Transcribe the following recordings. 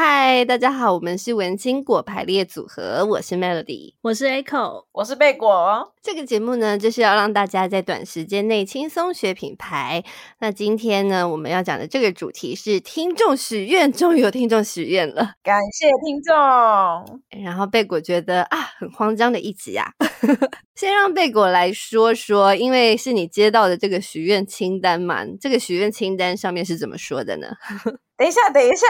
嗨，大家好，我們是文青果排列組合，我是 Melody，我是 Echo，我是貝果。這個節目呢，就是要讓大家在短時間內輕鬆學品牌。那今天呢，我們要講的這個主題是聽眾許願，終於有聽眾許願了，感謝聽眾。然後貝果覺得啊，很慌張的一集啊、呵， 先讓貝果來說說，因為是你接到的這個許願清單嘛，這個許願清單上面是怎麼說的呢？ 等一下，等一下，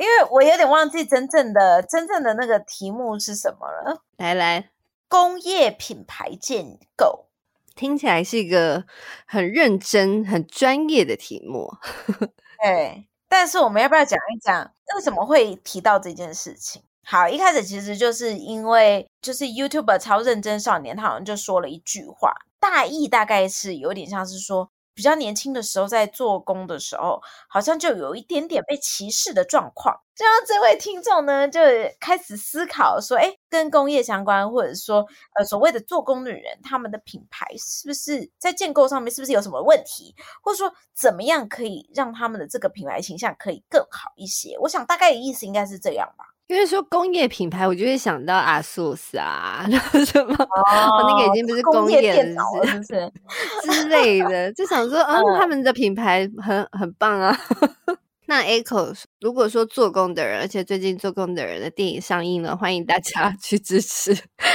因為我有點忘記真正的真正的那個題目是什麼了。來來，工業品牌建構，聽起來是一個很認真、很專業的題目。 對，但是我們要不要講一講為什麼會提到這件事情？好，一開始其實就是因為就是 YouTuber 超認真少年，他好像就說了一句話，大意大概是有點像是說。比較年輕的時候，在做工的時候，好像就有一點點被歧視的狀況。這讓這位聽眾呢，就開始思考說：“哎、欸，跟工業相關，或者說，呃，所謂的做工的人，他們的品牌是不是在建構上面，是不是有什麼問題？或者說，怎麼樣可以讓他們的這個品牌形象可以更好一些？”我想，大概的意思應該是這樣吧。因為說工業品牌，我就會想到 ASUS 啊，然後什麼，我、 啊啊、那個已經不是工業了是不是，工業電腦了是不是 之類的， 就想說嗯，嗯，他們的品牌很很棒啊。 那 Echo，如果說做工的人，而且最近做工的人的電影上映了，歡迎大家去支持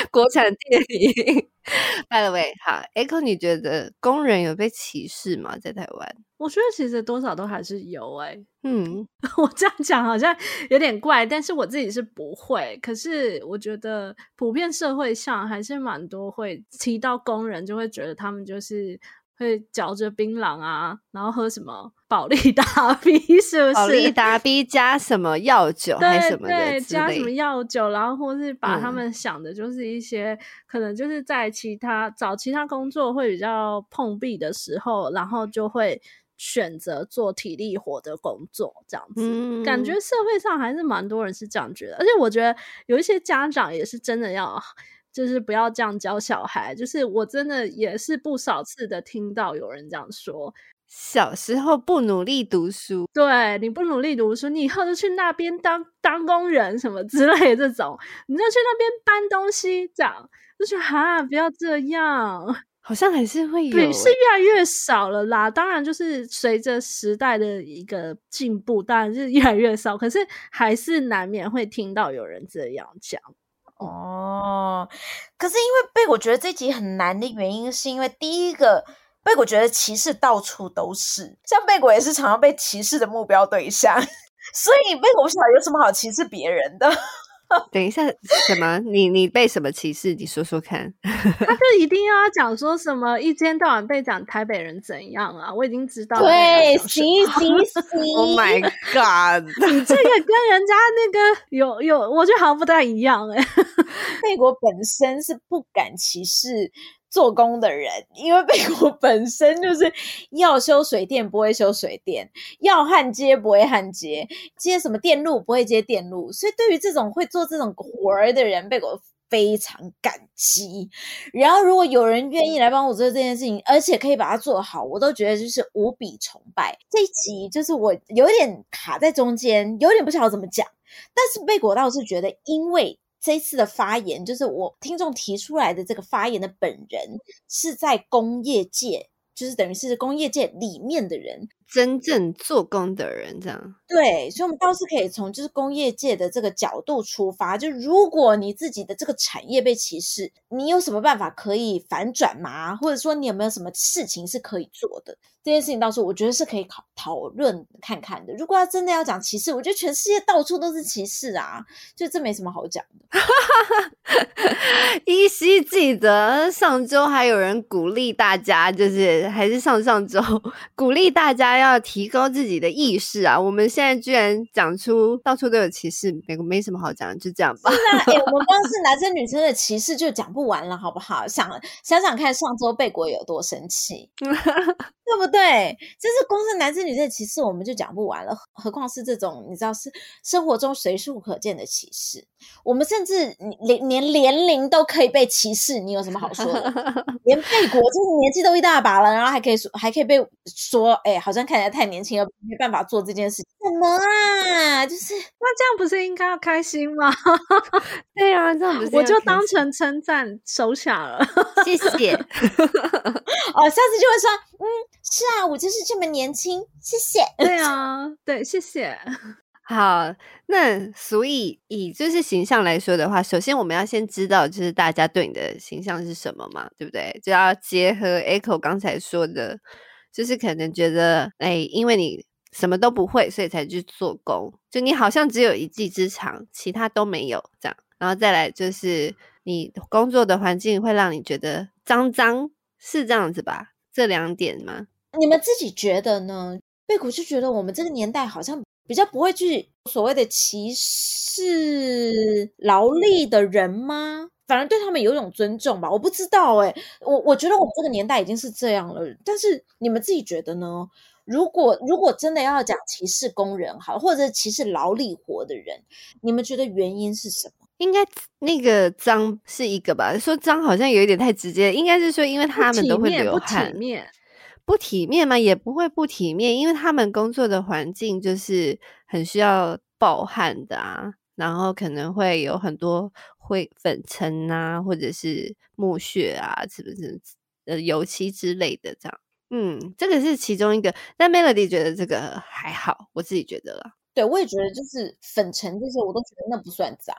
國產電影。 By the way，好，Echo，你覺得工人有被歧視嗎？在台灣，我覺得其實多少都還是有哎、欸。嗯， 我這樣講好像有點怪，但是我自己是不會，可是我覺得普遍社會上還是蠻多會提到工人，就會覺得他們就是。會嚼着檳榔啊，然後喝什麼保力達 B 是不是？保力達 B 加什麼藥酒還是什麼的之類。對對，加什麼藥酒，然後或是把他們想的就是一些、嗯、可能就是在其他找其他工作會比較碰壁的時候，然後就會選擇做體力活的工作這樣子、嗯。感覺社會上還是蠻多人是這樣覺得，而且我覺得有一些家長也是真的要。就是不要這樣教小孩。就是我真的也是不少次的聽到有人這樣說：小時候不努力讀書，對，你不努力讀書，你以後就去那邊當當工人什麼之類的這種，你就去那邊搬東西這樣。就說哈，不要這樣，好像還是會有、欸對，是越來越少了啦。當然，就是隨着時代的一個進步，當然就是越來越少。可是還是難免會聽到有人這樣講。哦，可是因為貝果覺得這一集很難的原因，是因為第一個貝果覺得歧視到處都是，像貝果也是常常被歧視的目標對象，所以貝果不曉得有什麼好歧視別人的。 等一下，什麼？你你被什麼歧視？你說說看。 他就一定要講說什麼，一天到晚被講台北人怎樣啊？我已經知道了，對，行行行 ，Oh my God！你 這個跟人家那個有有，有，我覺得好像不太一樣哎。 美國本身是不敢歧視。做工的人，因為貝果本身就是要修水電，不會修水電；要焊接，不會焊接；接什麼電路，不會接電路。所以對於這種會做這種活兒的人，貝果非常感激。然後，如果有人願意來幫我做這件事情，而且可以把它做好，我都覺得就是無比崇拜。這一集就是我有點卡在中間，有點不曉得怎麼講，但是貝果倒是覺得，因為。這次的發言，就是我聽眾提出來的，這個發言的本人是在工業界，就是等於是工業界裡面的人。真正做工的人這樣。對，所以我們倒是可以從就是工業界的這個角度出發，就如果你自己的這個產業被歧視，你有什麼辦法可以反轉嗎？或者說你有沒有什麼事情是可以做的？這件事情倒是我覺得是可以討討論看看的。如果要真的要講歧視，我覺得全世界到處都是歧視啊，就這沒什麼好講的。依 稀 記得上周還有人鼓勵大家，就是還是上上周鼓勵大家。要提高自己的意識啊！我們現在居然講出到處都有歧視，沒沒什麼好講的，就這樣吧。是 啊、 哎，我們光是男生女生的歧視就講不完了，好不好？想想想看，上周貝果有多生氣， 對不對？就是光是男生女生的歧視，我們就講不完了，何況是這種你知道是生活中隨處可見的歧視，我們甚至連連年齡都可以被歧視，你有什麼好說的？ 連貝果就是年紀都一大把了，然後還可以說還可以被說，哎，好像。看起來太年輕了，沒辦法做這件事情。什麼啊？就是那這樣不是應該要開心嗎？ 對呀、啊，這樣不是我就當成稱讚收下了， 謝謝。哦， 下次就會說，嗯，是啊，我就是這麼年輕，謝謝。 對啊，對，謝謝。好，那所以以就是形象來說的話，首先我們要先知道就是大家對你的形象是什麼嘛，對不對？就要結合 Echo 剛才說的。就是可能覺得，哎、欸，因為你什麼都不會，所以才去做工。就你好像只有一技之長，其他都沒有這樣。然後再來就是你工作的環境會讓你覺得髒髒，是這樣子吧？這兩點嗎？你們自己覺得呢？貝古就覺得我們這個年代好像比較不會去所謂的歧視勞力的人嗎？反而對他們有一種尊重吧，我不知道欸，我我覺得我們這個年代已經是這樣了，但是你們自己覺得呢？如果如果真的要講歧視工人好，或者歧視勞力活的人，你們覺得原因是什麼？應該那個髒是一個吧？說髒好像有一點太直接，應該是說因為他們都會流汗，不體面？不體面，不體面嗎？也不會不體面，因為他們工作的環境就是很需要暴汗的啊。然後可能會有很多灰粉塵啊，或者是木屑啊，是不是？呃，油漆之類的，這樣。嗯，這個是其中一個。但 Melody 覺得這個還好，我自己覺得啦。對，我也覺得就是粉塵這些，我都覺得那不算髒。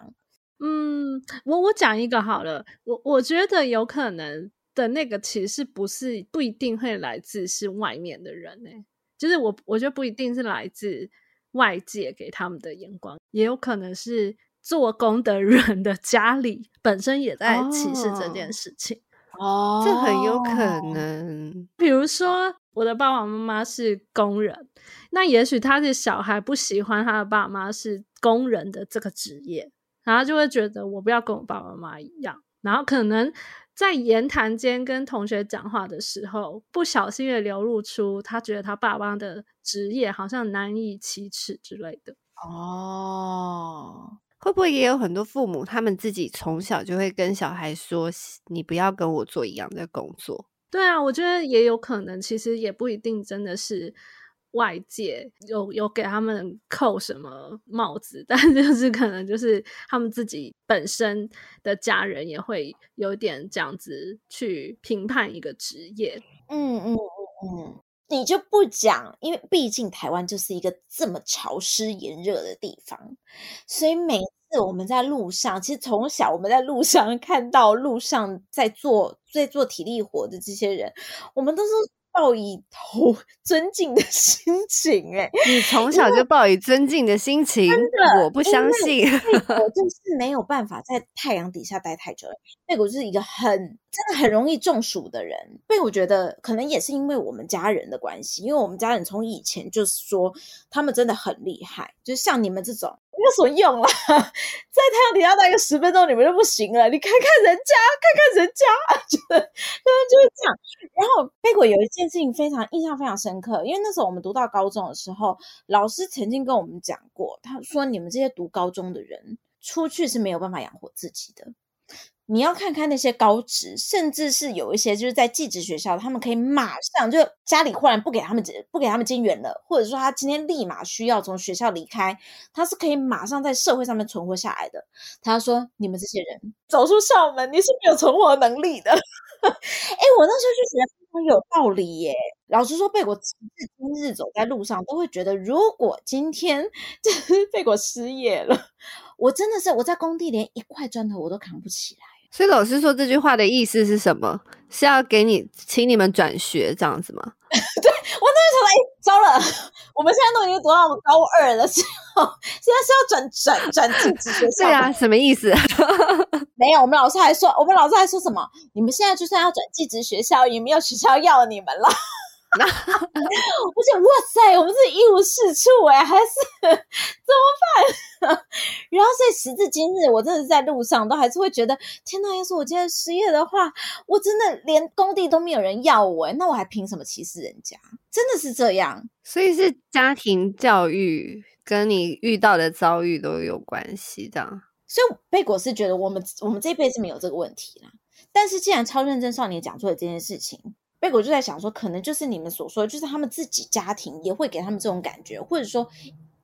嗯，我我講一個好了，我我覺得有可能的那個其實不是不一定會來自是外面的人呢、欸，就是我我覺得不一定是來自。外界給他們的眼光，也有可能是做工的人的家裡本身也在歧視這件事情。哦，這很有可能。比如說，我的爸爸媽媽是工人，那也許他的小孩不喜歡他的爸媽是工人的這個職業，然後就會覺得我不要跟我爸爸媽媽一樣，然後可能。在言談間跟同學講話的時候，不小心也流露出他覺得他爸爸的職業好像難以啟齒之類的。哦，會不會也有很多父母，他們自己從小就會跟小孩說：“你不要跟我做一樣的工作。”對啊，我覺得也有可能，其實也不一定，真的是。外界有有給他們扣什麼帽子，但就是可能就是他們自己本身的家人也會有點這樣子去評判一個職業。嗯嗯嗯嗯，你就不講，因為畢竟台灣就是一個這麼潮濕炎熱的地方，所以每次我們在路上，其實從小我們在路上看到路上在做在做體力活的這些人，我們都是。抱以頭，尊敬的心情。欸，哎，你從小就抱以尊敬的心情，真的，我不相信。我就是沒有辦法在太陽底下待太久了，貝果就是一個很真的很容易中暑的人。貝果覺得可能也是因為我們家人的關係，因為我們家人從以前就是說他們真的很厲害，就是像你們這種。沒有什麼用啦，在太陽底下待個十分鐘，你們就不行了。你看看人家，看看人家，他 們、就是、就是這樣。嗯、然後，貝果有一件事情非常印象非常深刻，因為那時候我們讀到高中的時候，老師曾經跟我們講過，他說：“你們這些讀高中的人，出去是沒有辦法養活自己的。”你要看看那些高職，甚至是有一些就是在技職學校，他們可以馬上就家裡忽然不給他們不給他們金援了，或者說他今天立馬需要從學校離開，他是可以馬上在社會上面存活下來的。他說：“你們這些人走出校門，你是沒有存活能力的。 ”哎、欸，我那時候就覺得非常有道理耶、欸。老實說，貝果，直至今日走在路上，都會覺得如果今天就是貝果失業了，我真的是我在工地連一塊磚頭我都扛不起來。所以老師說這句話的意思是什麼？是要給你請你們轉學這樣子嗎？ 對，我那時候想，哎，糟了，我們現在都已經讀到我高二了，之後現在是要轉轉轉技職學校？對啊，什麼意思？ 沒有，我們老師還說，我們老師還說什麼？你們現在就算要轉技職學校，也沒有學校要你們了。那我想，哇塞，我們是一無是處哎，還是怎麼辦啊？然後，所以時至今日，我真的是在路上都還是會覺得，天吶，要是我今天失業的話，我真的連工地都沒有人要我哎，那我還憑什麼歧視人家？真的是這樣，所以是家庭教育跟你遇到的遭遇都有關係的。所以貝果是覺得我們我們這一輩是沒有這個問題啦，但是既然超認真少年講出了這件事情。貝果就在想說，可能就是你們所說，就是他們自己家庭也會給他們這種感覺，或者說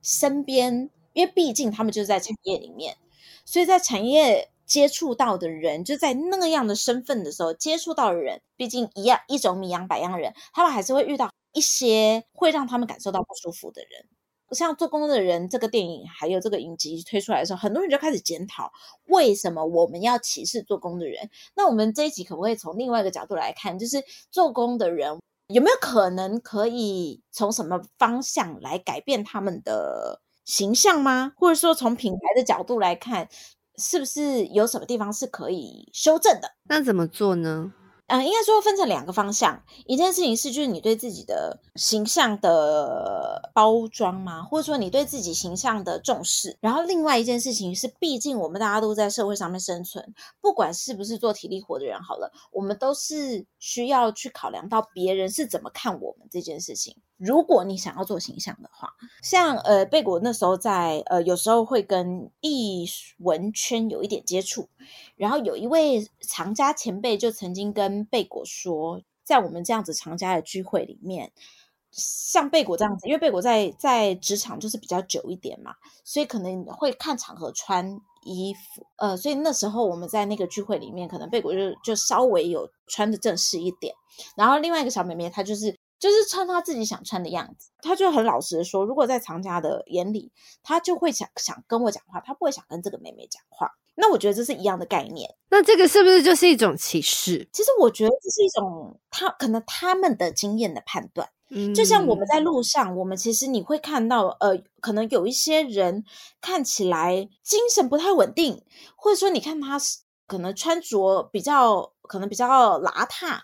身邊，因為畢竟他們就是在產業裡面，所以在產業接觸到的人，就在那樣的身份的時候接觸到的人，畢竟一樣一種米養百樣的人，他們還是會遇到一些會讓他們感受到不舒服的人。不像做工的人，這個電影還有這個影集推出來的時候，很多人就開始檢討為什麼我們要歧視做工的人。那我們這一集可不可以從另外一個角度來看，就是做工的人有沒有可能可以從什麼方向來改變他們的形象嗎？或者說從品牌的角度來看，是不是有什麼地方是可以修正的？那怎麼做呢？嗯，應該說分成兩個方向。一件事情是，就是你對自己的形象的包裝嘛，或者說你對自己形象的重視。然後另外一件事情是，畢竟我們大家都在社會上面生存，不管是不是做體力活的人好了，我們都是需要去考量到別人是怎麼看我們這件事情。如果你想要做形象的話，像呃貝果那時候在呃有時候會跟藝文圈有一點接觸，然後有一位藏家前輩就曾經跟貝果說，在我們這樣子藏家的聚會裡面，像貝果這樣子，因為貝果在在職場就是比較久一點嘛，所以可能會看場合穿衣服，呃，所以那時候我們在那個聚會裡面，可能貝果就就稍微有穿得正式一點，然後另外一個小妹妹她就是。就是穿他自己想穿的樣子，他就很老實的說，如果在藏家的眼裡，他就會想想跟我講話，他不會想跟這個妹妹講話。那我覺得這是一樣的概念。那這個是不是就是一種歧視？其實我覺得這是一種他可能他們的經驗的判斷。嗯。就像我們在路上，我們其實你會看到，呃，可能有一些人看起來精神不太穩定，或者說你看他是可能穿着比較可能比較邋遢。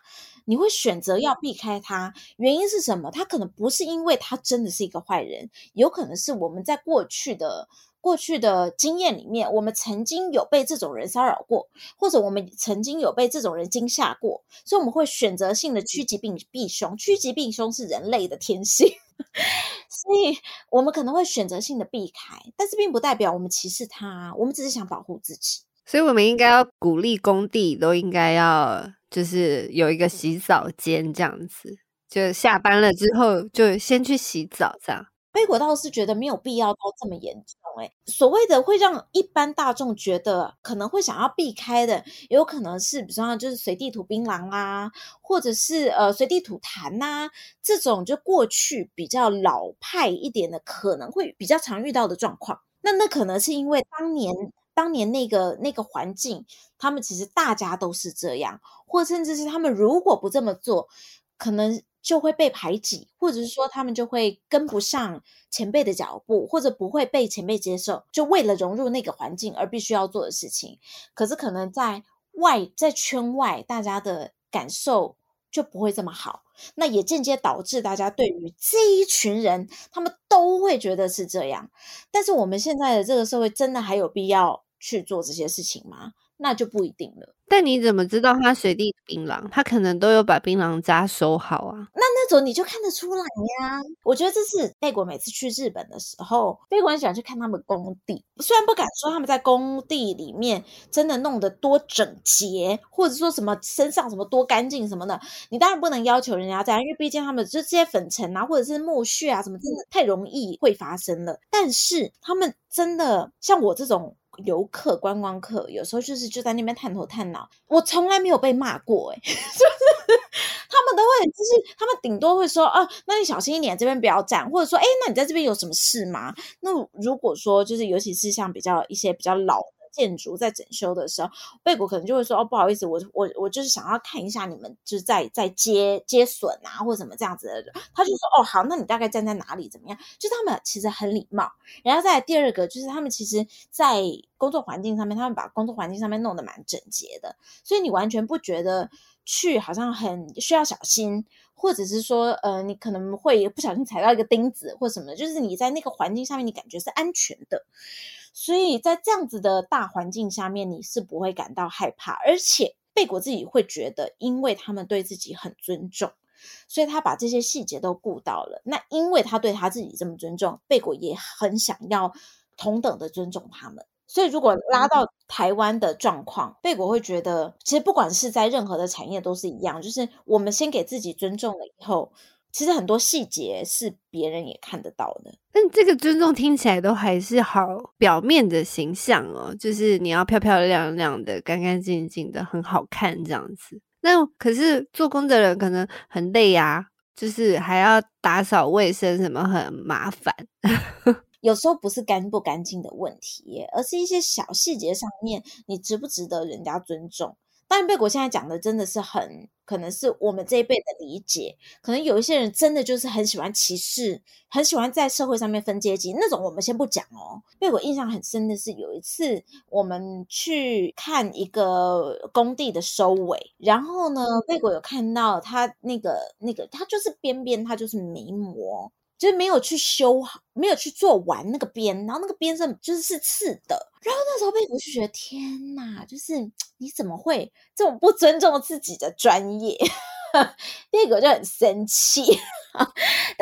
你會選擇要避開他，原因是什麼？他可能不是因為他真的是一個壞人，有可能是我們在過去的過去的經驗裡面，我們曾經有被這種人騷擾過，或者我們曾經有被這種人驚嚇過，所以我們會選擇性的趨吉避避凶，趨吉避凶是人類的天性， 所以我們可能會選擇性的避開，但是並不代表我們歧視他，我們只是想保護自己。所以，我們應該要鼓勵工地都應該要。就是有一個洗澡間這樣子。嗯，就下班了之後就先去洗澡這樣。貝果倒是覺得沒有必要到這麼嚴重、欸，哎，所謂的會讓一般大眾覺得可能會想要避開的，有可能是比方就是隨地吐檳榔啊，或者是呃隨地吐痰吶，這種就過去比較老派一點的，可能會比較常遇到的狀況。那那可能是因為當年。當年那個那個環境，他們其實大家都是這樣，或甚至是他們如果不這麼做，可能就會被排擠，或者是說他們就會跟不上前輩的腳步，或者不會被前輩接受，就為了融入那個環境而必須要做的事情。可是可能在外，在圈外，大家的感受。就不會這麼好，那也間接導致大家對於這一群人，他們都會覺得是這樣。但是我們現在的這個社會，真的還有必要去做這些事情嗎？那就不一定了。但你怎麼知道他隨地檳榔？他可能都有把檳榔渣收好啊。那。你就看得出來呀！我覺得這是貝果每次去日本的時候，貝果很喜歡去看他們工地。雖然不敢說他們在工地裡面真的弄得多整潔，或者說什麼身上什麼多乾淨什麼的，你當然不能要求人家這樣，因為畢竟他們就這些粉塵啊，或者是木屑啊什麼，真的太容易會發生了。但是他們真的像我這種遊客觀光客，有時候就是就在那邊探頭探腦，我從來沒有被罵過，欸，就是不是。他們都會，就是他們頂多會說啊，那你小心一點，這邊不要站，或者說，哎、欸，那你在這邊有什麼事嗎？那如果說就是，尤其是像比較一些比較老的建築在整修的時候，貝果可能就會說，哦，不好意思，我我我就是想要看一下你們就是在在接接損啊，或者什麼這樣子的，他就說，哦，好，那你大概站在哪裡，怎麼樣？就是、他們其實很禮貌。然後再來第二個，就是他們其實，在工作環境上面，他們把工作環境上面弄得蠻整潔的，所以你完全不覺得。去好像很需要小心，或者是說，呃，你可能會不小心踩到一個釘子或什麼的，就是你在那個環境下面，你感覺是安全的。所以在這樣子的大環境下面，你是不會感到害怕，而且貝果自己會覺得，因為他們對自己很尊重，所以他把這些細節都顧到了。那因為他對他自己這麼尊重，貝果也很想要同等的尊重他們。所以，如果拉到台灣的狀況，貝果會覺得，其實不管是在任何的產業都是一樣，就是我們先給自己尊重了以後，其實很多細節是別人也看得到的。但這個尊重聽起來都還是好表面的形象哦，就是你要漂漂亮亮的，乾乾淨淨的，很好看這樣子。那可是做工的人可能很累啊，就是還要打掃衛生什麼，很麻煩。 有時候不是乾不乾淨的問題，而是一些小細節上面，你值不值得人家尊重。當然，貝果現在講的真的是很，可能是我們這一輩的理解，可能有一些人真的就是很喜歡歧視，很喜歡在社會上面分階級那種。我們先不講哦。貝果印象很深的是，有一次我們去看一個工地的收尾，然後呢，貝果有看到他那個那個，他就是邊邊，他就是沒磨，就是沒有去修好。沒有去做完那個邊，然後那個邊上就是是刺的。然後那時候貝果就覺得天哪，就是你怎麼會這麼不尊重自己的專業？貝 果就很生氣。 但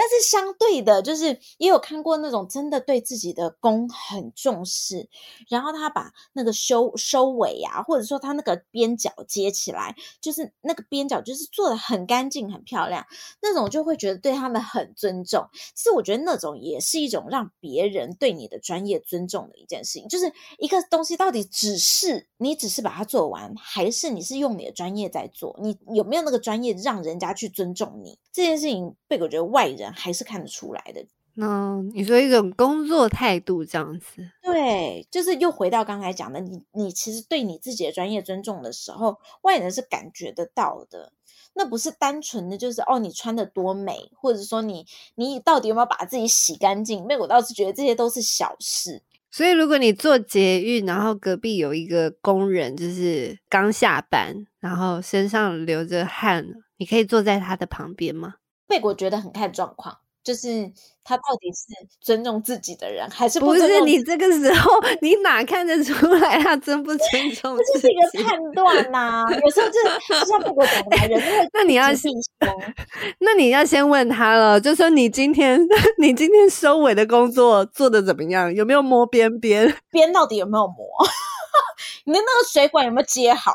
是相對的，就是也有看過那種真的對自己的工很重視，然後他把那個收收尾啊，或者說他那個邊角接起來，就是那個邊角就是做得很乾淨、很漂亮，那種就會覺得對他們很尊重。其實我覺得那種也是。一種讓別人對你的專業尊重的一件事情，就是一個東西到底只是你只是把它做完，還是你是用你的專業在做？你有沒有那個專業讓人家去尊重你？這件事情，貝果覺得外人還是看得出來的。嗯，你說一種工作態度這樣子，對，就是又回到剛才講的，你你其實對你自己的專業尊重的時候，外人是感覺得到的。那不是單純的就是哦，你穿的多美，或者說你你到底有沒有把自己洗乾淨？貝果倒是覺得這些都是小事。所以如果你坐捷運，然後隔壁有一個工人就是剛下班，然後身上流着汗，你可以坐在他的旁邊嗎？貝果覺得很看狀況。就是他到底是尊重自己的人還是不，不是？你這個時候你哪看得出來他？啊、真不尊重自己？ 是，這是一個判斷吶，有時候就是不人，欸、那你要先，那你要先問他了， 就說你今天你今天收尾的工作做得怎麼樣？有沒有摸邊邊？邊到底有沒有摸？ 你的那個水管有沒有接好？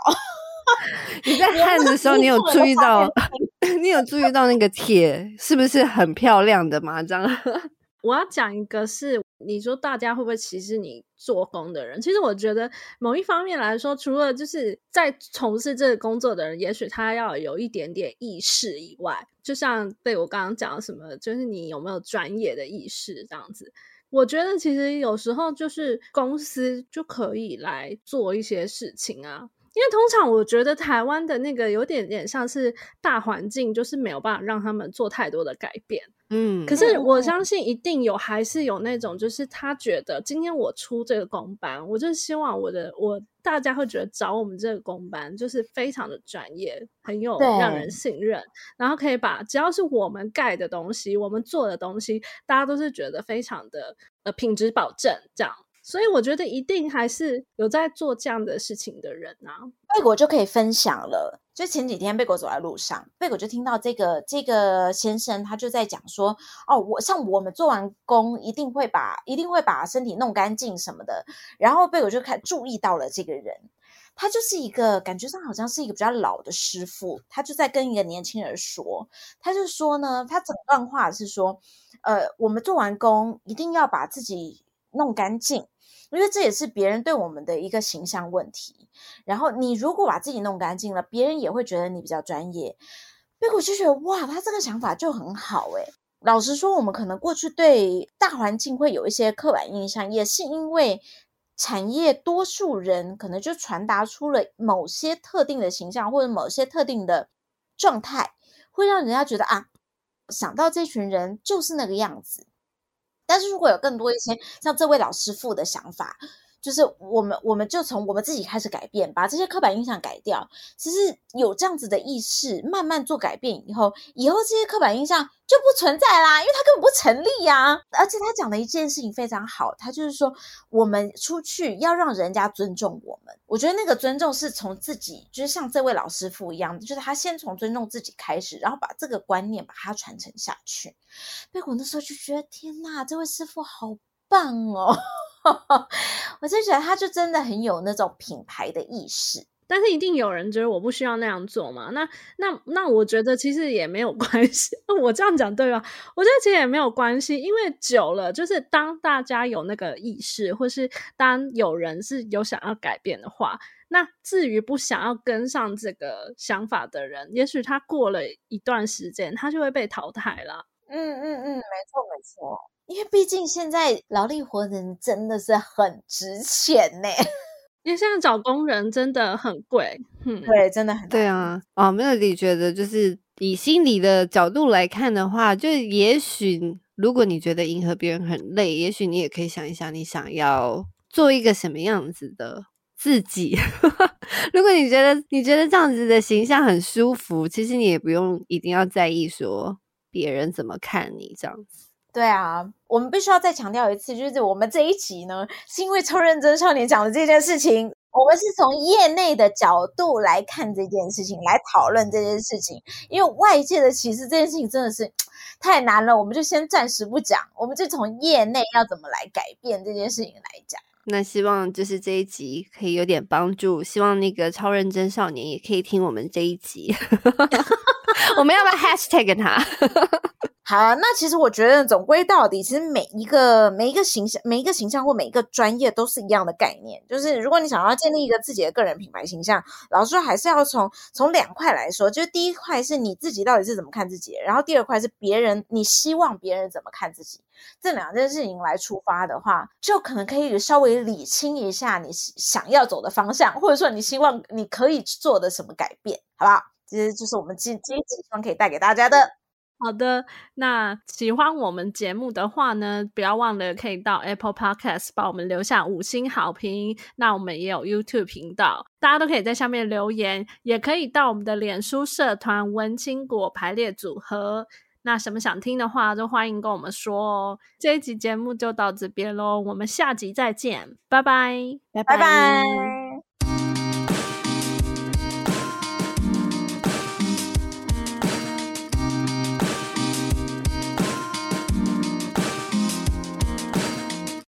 你在焊的時候，你有注意到？ 你有注意到那個鐵是不是很漂亮的嗎？這樣，我要講一個是，是你說大家會不會歧視你做工的人？其實我覺得某一方面來說，除了就是在從事這個工作的人，也許他要有一點點意識以外，就像對我剛剛講的什麼，就是你有沒有專業的意識這樣子。我覺得其實有時候就是公司就可以來做一些事情啊。因為通常我覺得台灣的那個有點點像是大環境，就是沒有辦法讓他們做太多的改變。嗯，可是我相信一定有，還是有那種，就是他覺得今天我出這個工班，我就希望我的、嗯、我大家會覺得找我們這個工班就是非常的專業，很有對、讓人信任，然後可以把只要是我們蓋的東西，我們做的東西，大家都是覺得非常的呃品質保證這樣。所以我覺得一定還是有在做這樣的事情的人啊。貝果就可以分享了。就前幾天貝果走在路上，貝果就聽到這個這個先生他就在講說，哦，我像我們做完工一定會把一定會把身體弄乾淨什麼的。然後貝果就看注意到了這個人，他就是一個感覺上好像是一個比較老的師傅，他就在跟一個年輕人說，他就說呢，他整段話是說，呃，我們做完工一定要把自己。弄乾淨，因為這也是別人對我們的一個形象問題。然後你如果把自己弄乾淨了，別人也會覺得你比較專業。貝果就覺得，哇，他這個想法就很好，欸。誒。老實說，我們可能過去對大環境會有一些刻板印象，也是因為產業多數人可能就傳達出了某些特定的形象，或者某些特定的狀態，會讓人家覺得啊，想到這群人就是那個樣子。但是，如果有更多一些像這位老師傅的想法，就是我們，我們就從我們自己開始改變，把這些刻板印象改掉。其實有這樣子的意識，慢慢做改變以後，以後這些刻板印象就不存在啦，因為它根本不成立呀。而且他講的一件事情非常好，他就是說我們出去要讓人家尊重我們。我覺得那個尊重是從自己，就是像這位老師傅一樣，就是他先從尊重自己開始，然後把這個觀念把它傳承下去。貝果那時候就覺得，天哪，這位師傅好棒哦！哈， 我就覺得他就真的很有那種品牌的意識。但是一定有人覺得我不需要那樣做嘛？那、那、那，我覺得其實也沒有關係。 我這樣講對吧？我覺得其實也沒有關係，因為久了，就是當大家有那個意識，或是當有人是有想要改變的話，那至於不想要跟上這個想法的人，也許他過了一段時間，他就會被淘汰了。嗯嗯嗯，沒錯沒錯，因為畢竟現在勞力活人真的是很值錢呢，因為現在找工人真的很貴，嗯，對，真的很貴啊。啊，Melody 覺得，就是以心理的角度來看的話，就也許如果你覺得迎合別人很累，也許你也可以想一想，你想要做一個什麼樣子的自己。 如果你覺得你覺得這樣子的形象很舒服，其實你也不用一定要在意說。別人怎麼看你這樣子？對啊，我們必須要再強調一次，就是我們這一集呢，是因為超認真少年講的這件事情，我們是從業內的角度來看這件事情，來討論這件事情。因為外界的歧視這件事情真的是太難了，我們就先暫時不講，我們就從業內要怎麼來改變這件事情來講。那希望就是這一集可以有點幫助，希望那個超認真少年也可以聽我們這一集， 我們要不要 hashtag 給他？ 好，那其實我覺得，總歸到底，其實每一個每一個形象，每一個形象或每一個專業都是一樣的概念。就是如果你想要建立一個自己的個人品牌形象，老實說，還是要從從兩塊來說。就是第一塊是你自己到底是怎麼看自己，然後第二塊是別人你希望別人怎麼看自己。這兩件事情來出發的話，就可能可以稍微理清一下你想要走的方向，或者說你希望你可以做的什麼改變，好不好？其實就是我們今天這一集可以帶給大家的。好的，那喜歡我們節目的話呢，不要忘了可以到 Apple Podcast 幫我們留下五星好評。那我們也有 YouTube 頻道，大家都可以在下面留言，也可以到我們的臉書社團“文青果排列組合”。那什麼想聽的話，就歡迎跟我們說哦。這一集節目就到這邊嘍，我們下集再見，拜拜，拜拜。Bye bye